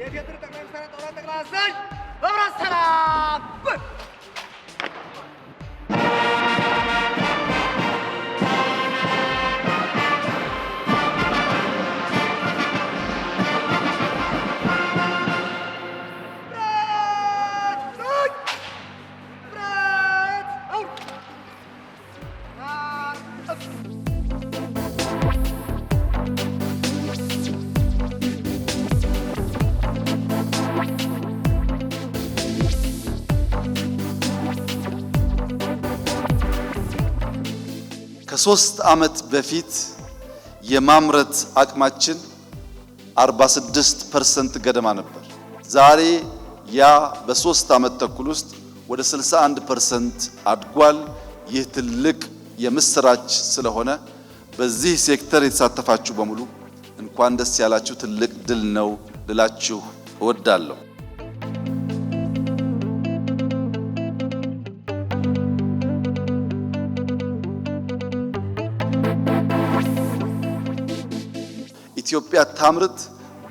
Ya dia terutama yang sangat orang terasa. Orang salam. ከሶስት ዓመት በፊት የማምረት አቅማችን 46 ፐርሰንት ገደማ ነበር። ዛሬ ያ በሶስት ዓመት ተኩል ውስጥ ወደ 61 ፐርሰንት አድጓል። ይህ ትልቅ የምስራች ስለሆነ በዚህ ሴክተር የተሳተፋችሁ በሙሉ እንኳን ደስ ያላችሁ፣ ትልቅ ድል ነው ልላችሁ እወዳለሁ። ኢትዮጵያ ታምርት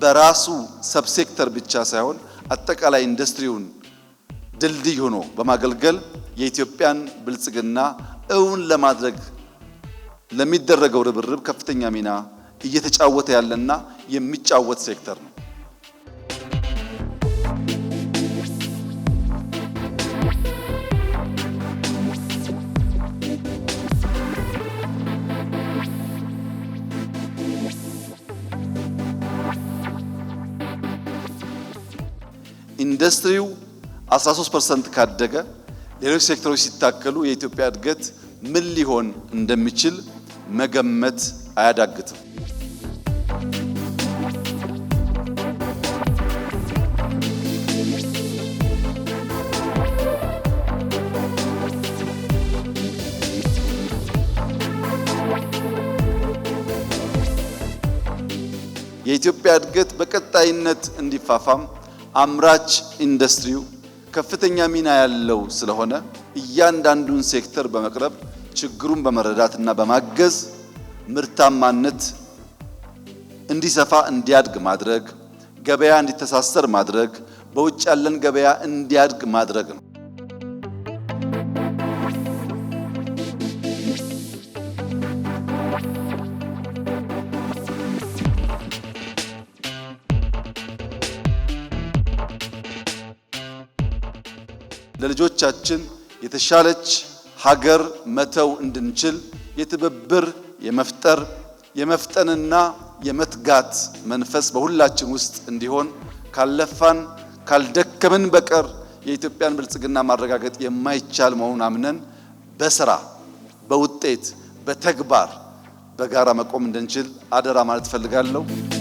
በራሱ ሰብሴክተር ብቻ ሳይሆን አጠቃላይ ኢንዱስትሪውን ድልድይ ሆኖ በማገልገል የኢትዮጵያን ብልጽግና እውን ለማድረግ ለሚደረገው ርብርብ ከፍተኛ ሚና እየተጫወተ ያለና የሚጫወት ሴክተር ነው። ኢንዱስትሪው 13% ካደገ ሌሎች ሴክተሮች ሲታከሉ የኢትዮጵያ እድገት ምን ሊሆን እንደሚችል መገመት አያዳግትም። የኢትዮጵያ እድገት በቀጣይነት እንዲፋፋም አምራች ኢንዱስትሪው ከፍተኛ ሚና ያለው ስለሆነ እያንዳንዱን ሴክተር በመቅረብ ችግሩን በመረዳት እና በማገዝ ምርታማነት እንዲሰፋ እንዲያድግ ማድረግ፣ ገበያ እንዲተሳሰር ማድረግ፣ በውጭ ያለን ገበያ እንዲያድግ ማድረግ ነው። ለልጆቻችን የተሻለች ሀገር መተው እንድንችል የትብብር የመፍጠር የመፍጠንና የመትጋት መንፈስ በሁላችን ውስጥ እንዲሆን ካልለፋን ካልደከምን በቀር የኢትዮጵያን ብልጽግና ማረጋገጥ የማይቻል መሆኑን አምነን በስራ በውጤት በተግባር በጋራ መቆም እንድንችል አደራ ማለት እፈልጋለሁ።